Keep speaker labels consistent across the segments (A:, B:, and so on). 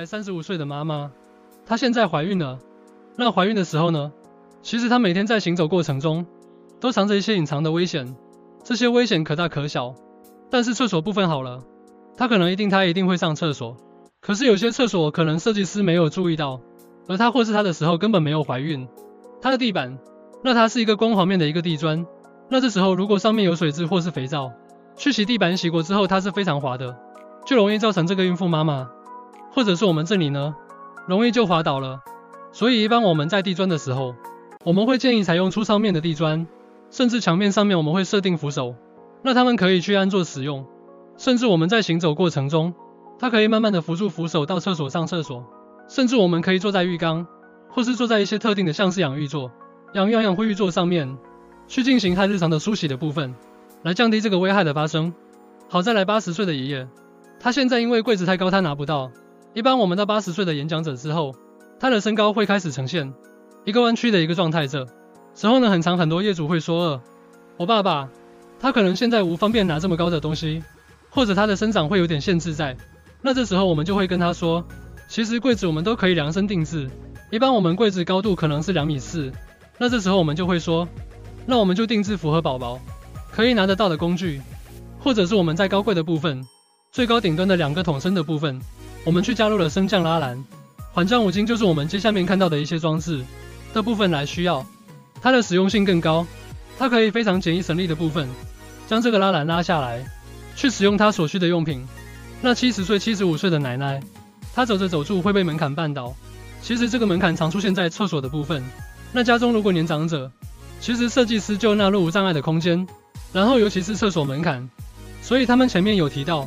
A: 才三十五歲的媽媽，她現在懷孕了。那懷孕的時候呢？其實她每天在行走過程中，都藏着一些隱藏的危險。這些危險可大可小。但是廁所部分好了，她可能一定她一定會上廁所。可是有些廁所可能設計師沒有注意到，而她或是她的時候根本沒有懷孕。她的地板，那它是一個光滑面的一個地磚。那這時候如果上面有水漬或是肥皂，去洗地板洗過之後，它是非常滑的，就容易造成這個孕婦媽媽。或者是我們這裡呢，容易就滑倒了，所以一般我們在地磚的時候，我們會建議採用粗糙面的地磚，甚至牆面上面我們會設定扶手，那他們可以去安坐使用，甚至我們在行走過程中，他可以慢慢的扶住扶手到廁所上廁所，甚至我們可以坐在浴缸，或是坐在一些特定的像是養育座、養氧養護浴座上面，去進行他日常的梳洗的部分，來降低這個危害的發生。好，再來八十歲的爺爺，他現在因為櫃子太高他拿不到。一般我們到八十歲的演講者之後，他的身高會開始呈現一個彎曲的一個狀態者。這時候呢，很常很多業主會說：“呃，我爸爸他可能現在不方便拿這麼高的東西，或者他的生長會有點限制在。”那這時候我們就會跟他說：“其實櫃子我們都可以量身定制。一般我們櫃子高度可能是兩米四，那這時候我們就會說，那我們就定制符合寶寶可以拿得到的工具，或者是我們在高櫃的部分最高頂端的兩個桶身的部分。”我們去加入了升降拉籃，緩降五金就是我們接下面看到的一些裝置的部分來需要，它的實用性更高，它可以非常簡易省力的部分，將這個拉籃拉下來，去使用它所需的用品。那七十歲、七十五歲的奶奶，她走著走著會被門檻絆倒。其實這個門檻常出現在廁所的部分，那家中如果年長者，其實設計師就納入無障礙的空間，然後尤其是廁所門檻，所以他們前面有提到，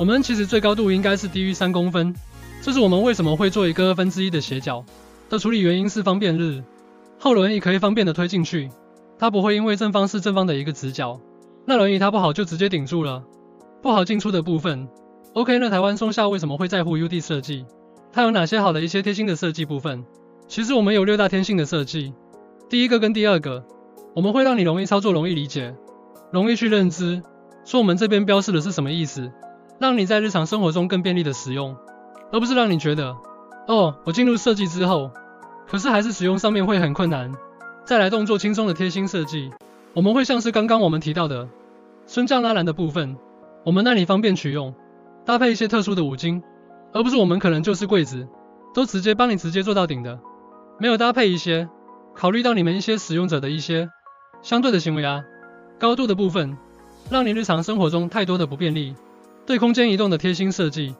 A: 我們其實最高度應該是低於三公分，這，就是我們為什麼會做一個二分之一的斜角的處理，原因是方便日後，輪椅可以方便的推進去，它不會因為正方是正方的一個直角，那輪椅它不好就直接頂住了，不好進出的部分。OK，那台灣松下為什麼會在乎 UD 設計？它有哪些好的一些貼心的設計部分？其實我們有六大貼心的設計，第一個跟第二個，我們會讓你容易操作、容易理解、容易去認知，說我們這邊標示的是什麼意思。讓你在日常生活中更便利的使用，而不是讓你覺得，哦，我進入設計之後，可是還是使用上面會很困難。再來動作輕鬆的貼心設計，我們會像是剛剛我們提到的，升降拉籃的部分，我們那裡方便取用，搭配一些特殊的五金，而不是我們可能就是櫃子，都直接幫你直接做到頂的，沒有搭配一些，考慮到你們一些使用者的一些相對的行為啊，高度的部分，讓你日常生活中太多的不便利。對空間移動的貼心設計，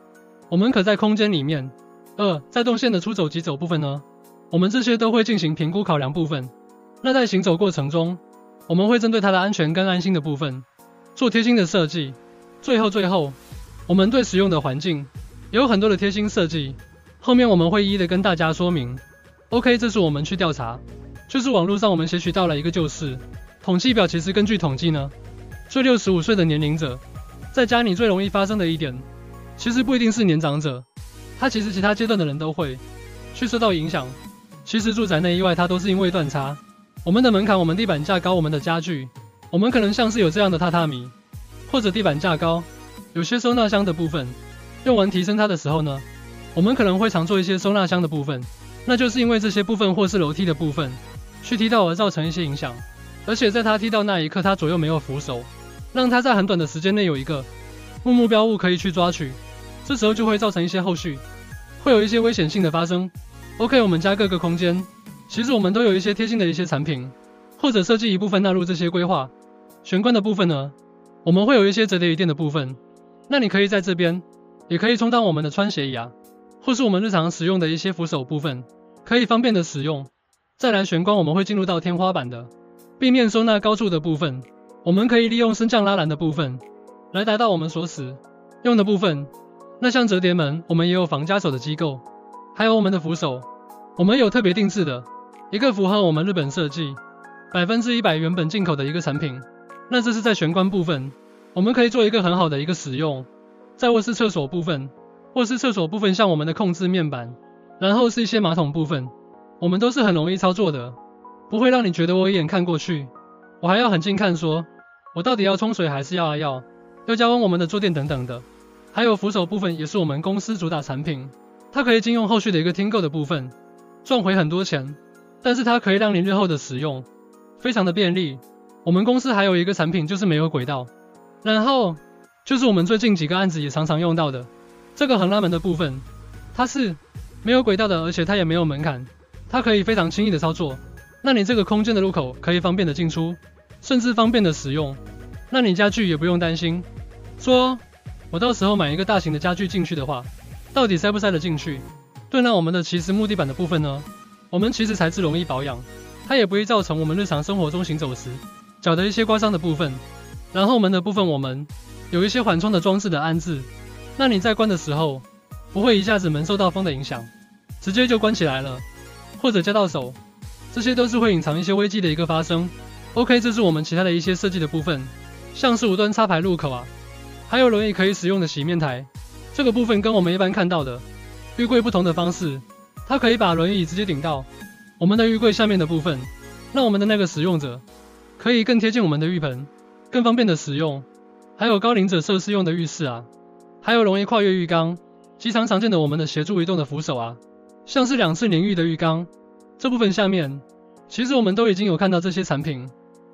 A: 我們可在空間裡面。二、呃、在動線的出走、及走部分呢，我們這些都會進行評估考量部分。那在行走過程中，我們會針對它的安全跟安心的部分，做貼心的設計。最後最後，我們對使用的環境也有很多的貼心設計，後面我們會一一的跟大家說明。OK，這是我們去調查，就是網絡上我們撷取到了一個，就是統計表，其實根據統計呢，最六十五歲的年齡者。在家裡最容易發生的一點，其實不一定是年長者，他其實其他階段的人都會，去受到影響。其實住宅內意外，它都是因為斷差。我們的門檻，我們地板架高，我們的家具，我們可能像是有這樣的榻榻米，或者地板架高。有些收納箱的部分，用完提升它的時候呢，我們可能會常做一些收納箱的部分，那就是因為這些部分或是樓梯的部分，去踢到而造成一些影響。而且在它踢到那一刻，它左右沒有扶手。讓它在很短的時間內有一個目目標物可以去抓取，這時候就會造成一些後續，會有一些危險性的發生。OK，我們家各個空間，其實我們都有一些貼心的一些產品，或者設計一部分納入這些規劃。玄關的部分呢，我們會有一些折疊椅墊的部分，那你可以在這邊，也可以充當我們的穿鞋椅啊，或是我們日常使用的一些扶手部分，可以方便的使用。再來玄關，我們會進入到天花板的，避免收納高處的部分。我們可以利用升降拉籃的部分，來達到我們所使用的部分。那像折疊門，我們也有防夾手的機構，還有我們的扶手，我們有特別定製的，一個符合我們日本設計，百分之一百原本進口的一個產品。那這是在玄關部分，我們可以做一個很好的一個使用。在臥室、廁所部分，臥室、廁所部分像我們的控制面板，然後是一些馬桶部分，我們都是很容易操作的，不會讓你覺得我一眼看過去，我還要很近看說，說我到底要沖水還是要啊要要加溫我們的坐墊等等的，還有扶手部分也是我們公司主打產品，它可以經用後續的一個聽購的部分，賺回很多錢，但是它可以讓你日後的使用非常的便利。我們公司還有一個產品就是沒有軌道，然後就是我們最近幾個案子也常常用到的這個橫拉門的部分，它是沒有軌道的，而且它也沒有門檻，它可以非常輕易的操作，那你這個空間的入口可以方便的進出。甚至方便的使用，那你家具也不用擔心。說，我到時候買一個大型的家具進去的話，到底塞不塞得進去？對，那我們的其實木地板的部分呢，我們其實材質容易保養，它也不易造成我們日常生活中行走時腳的一些刮傷的部分。然後門的部分，我們有一些緩衝的裝置的安置，那你在關的時候，不會一下子門受到風的影響，直接就關起來了，或者夾到手，這些都是會隱藏一些危機的一個發生。OK，這是我們其他的一些設計的部分，像是無段差的入口啊，還有輪椅可以使用的洗面台，這個部分跟我們一般看到的浴櫃不同的方式，它可以把輪椅直接頂到我們的浴櫃下面的部分，讓我們的那個使用者可以更貼近我們的浴盆，更方便的使用。還有高齡者設施用的浴室啊，還有容易跨越浴缸，非常常見的我們的協助移動的扶手啊，像是兩次淋浴的浴缸，這部分下面其實我們都已經有看到這些產品。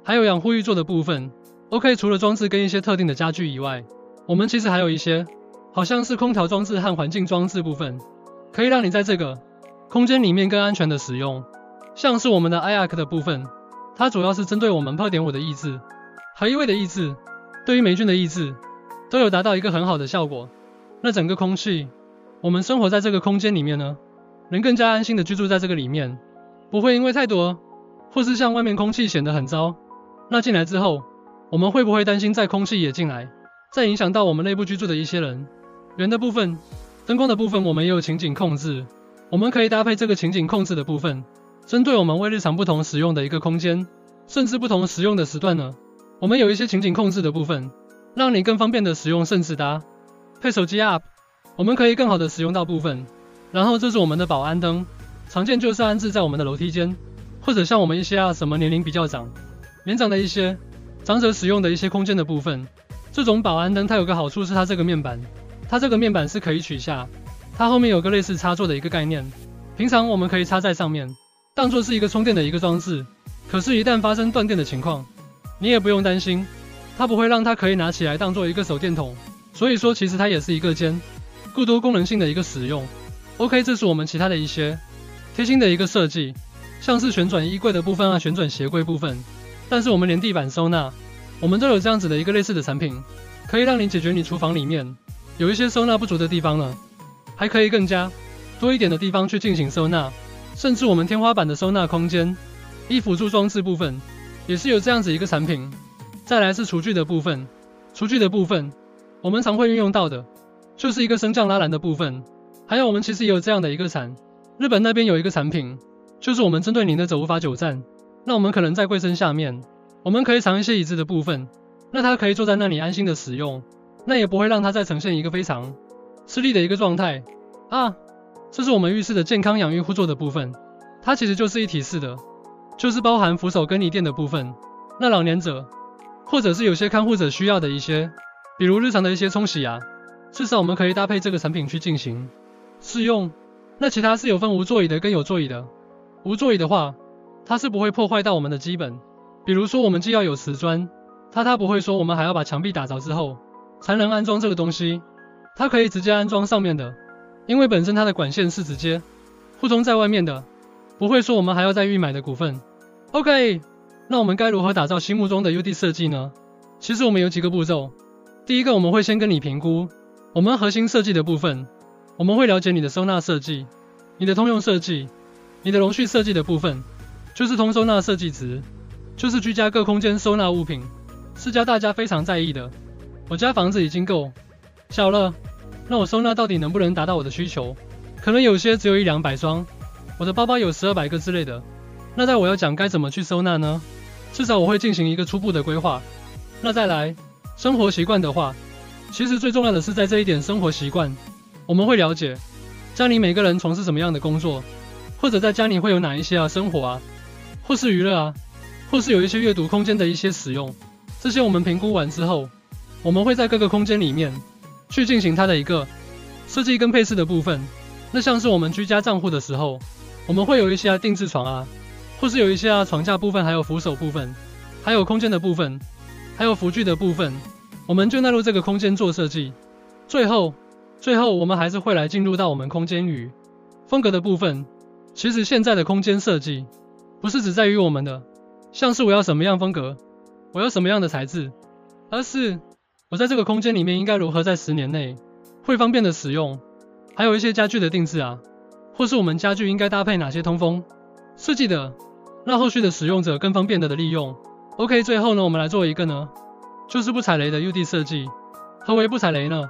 A: 還有養護浴座的部分，OK，除了裝置跟一些特定的家具以外，我們其實還有一些，好像是空調裝置和環境裝置部分，可以讓你在這個空間裡面更安全的使用。像是我們的 IAC 的部分，它主要是針對我們2.5的抑制，和異味的抑制，對於黴菌的抑制，都有達到一個很好的效果。那整個空氣，我們生活在這個空間裡面呢，能更加安心的居住在這個裡面，不會因為太多，或是像外面空氣顯得很糟。那進來之後，我們會不會擔心在空氣也進來，再影響到我們內部居住的一些人？圓的部分、燈光的部分，我們也有情景控制。我們可以搭配這個情景控制的部分，針對我們為日常不同使用的一個空間，甚至不同使用的時段呢。我們有一些情景控制的部分，讓你更方便的使用，甚至搭配手機 App，我們可以更好的使用到部分。然後這是我們的保安燈，常見就是安置在我們的樓梯間，或者像我們一些啊什麼年齡比較長。年長的一些長者使用的一些空間的部分，這種保安燈它有個好處是它這個面板，它這個面板是可以取下，它後面有個類似插座的一個概念，平常我們可以插在上面，當做是一個充電的一個裝置。可是，一旦發生斷電的情況，你也不用擔心，它不會讓它可以拿起來當做一個手電筒。所以說，其實它也是一個兼，顧多功能性的一個使用。OK，這是我們其他的一些貼心的一個設計，像是旋轉衣櫃的部分啊，旋轉鞋櫃部分。但是我們連地板收納，我們都有這樣子的一個類似的產品，可以讓您解決你廚房裡面有一些收納不足的地方呢，還可以更加多一點的地方去進行收納，甚至我們天花板的收納空間，一輔助裝置部分也是有這樣子一個產品。再來是廚具的部分，廚具的部分我們常會運用到的就是一個升降拉籃的部分，還有我們其實也有這樣的一個產，日本那邊有一個產品，就是我們針對您的走無法久站。那我們可能在櫃身下面，我們可以藏一些椅子的部分，那它可以坐在那裡安心的使用，那也不會讓它再呈現一個非常吃力的一個狀態啊。這是我們浴室的健康養育護座的部分，它其實就是一體式的，就是包含扶手跟椅墊的部分。那老年者或者是有些看護者需要的一些，比如日常的一些沖洗呀，啊，至少我們可以搭配這個產品去進行試用。那其他是有分無座椅的跟有座椅的，無座椅的話，它是不會破壞到我們的基本，比如說我們既要有瓷磚，它它不會說我們還要把牆壁打着之後才能安裝這個東西，它可以直接安裝上面的，因為本身它的管線是直接互通在外面的，不會說我們還要再預買的股份。OK，那我們該如何打造心目中的 UD 設計呢？其實我們有幾個步驟，第一個我們會先跟你評估我們核心設計的部分，我們會了解你的收納設計、你的通用設計、你的容續設計的部分。就是通收納設計值，就是居家各空間收納物品，是家大家非常在意的。我家房子已經夠小了，那我收納到底能不能達到我的需求？可能有些只有一兩百雙，我的包包有十二百個之類的。那在我要講該怎麼去收納呢？至少我會進行一個初步的規劃。那再來生活習慣的話，其實最重要的是在這一點生活習慣，我們會了解家裡每個人從事什麼樣的工作，或者在家裡會有哪一些啊生活啊。或是娛樂啊，或是有一些閱讀空間的一些使用，這些我們評估完之後，我們會在各個空間裡面去進行它的一個設計跟配置的部分。那像是我們居家賬戶的時候，我們會有一些定制床啊，或是有一些啊床架部分，還有扶手部分，還有空間的部分，還有扶具的部分，我們就納入這個空間做設計。最後，最後我們還是會來進入到我們空間與風格的部分。其實現在的空間設計，不是只在於我們的，像是我要什麼樣風格，我要什麼樣的材質，而是我在這個空間裡面應該如何在十年內會方便的使用，還有一些家具的定制啊，或是我們家具應該搭配哪些通風設計的，讓後續的使用者更方便的的利用。OK，最後呢，我們來做一個呢，就是不踩雷的 UD 設計。何為不踩雷呢？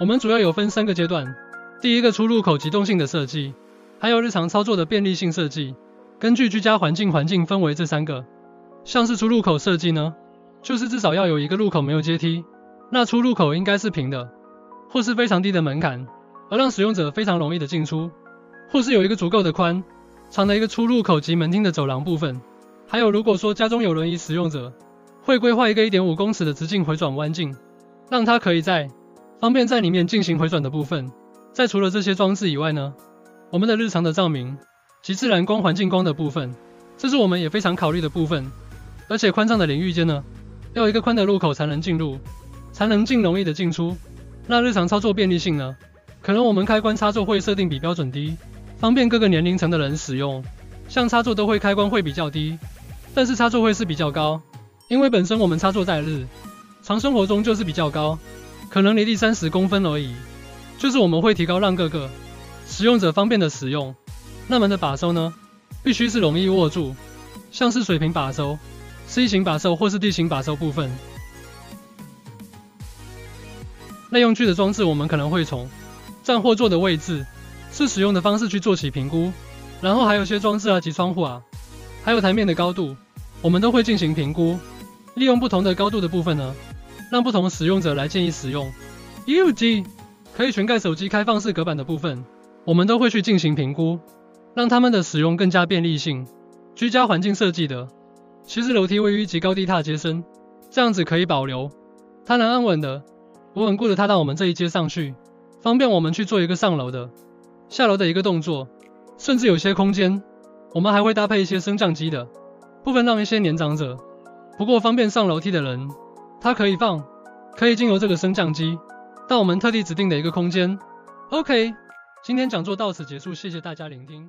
A: 我們主要有分三個階段，第一個出入口機動性的設計，還有日常操作的便利性設計。根據居家環境環境分為這三個，像是出入口設計呢，就是至少要有一個入口沒有階梯，那出入口應該是平的，或是非常低的門檻，而讓使用者非常容易的進出，或是有一個足夠的寬長的一個出入口及門廳的走廊部分。還有如果說家中有輪椅使用者，會規劃一個一點五公尺的直徑迴轉彎徑，讓它可以在方便在裡面進行迴轉的部分。在除了這些裝置以外呢，我們的日常的照明，及自然光環境光的部分，這是我們也非常考慮的部分。而且寬敞的淋浴間呢，要一個寬的入口才能進入，才能進容易的進出。那日常操作便利性呢？可能我們開關插座會設定比標準低，方便各個年齡層的人使用。像插座都會開關會比較低，但是插座會是比較高，因為本身我們插座在日常生活中就是比較高，可能離地三十公分而已。就是我們會提高讓各個，讓各個使用者方便的使用。那門的把手呢，必須是容易握住，像是水平把手、C 型把手或是 D 型把手部分。內用具的裝置，我們可能會從站或坐的位置、是使用的方式去做起評估。然後還有些裝置啊，及窗戶啊，還有台面的高度，我們都會進行評估，利用不同的高度的部分呢，讓不同使用者來建議使用。UD 可以全蓋手機開放式隔板的部分，我們都會去進行評估。讓他們的使用更加便利性，居家環境設計的，其實樓梯位於極高地踏階深，這樣子可以保留，它能安穩的、我穩固的踏到我們這一階上去，方便我們去做一個上樓的、下樓的一個動作，甚至有些空間，我們還會搭配一些升降機的，部分讓一些年長者，不過方便上樓梯的人，它可以放，可以經由這個升降機到我們特地指定的一個空間。OK，今天講座到此結束，謝謝大家聆聽。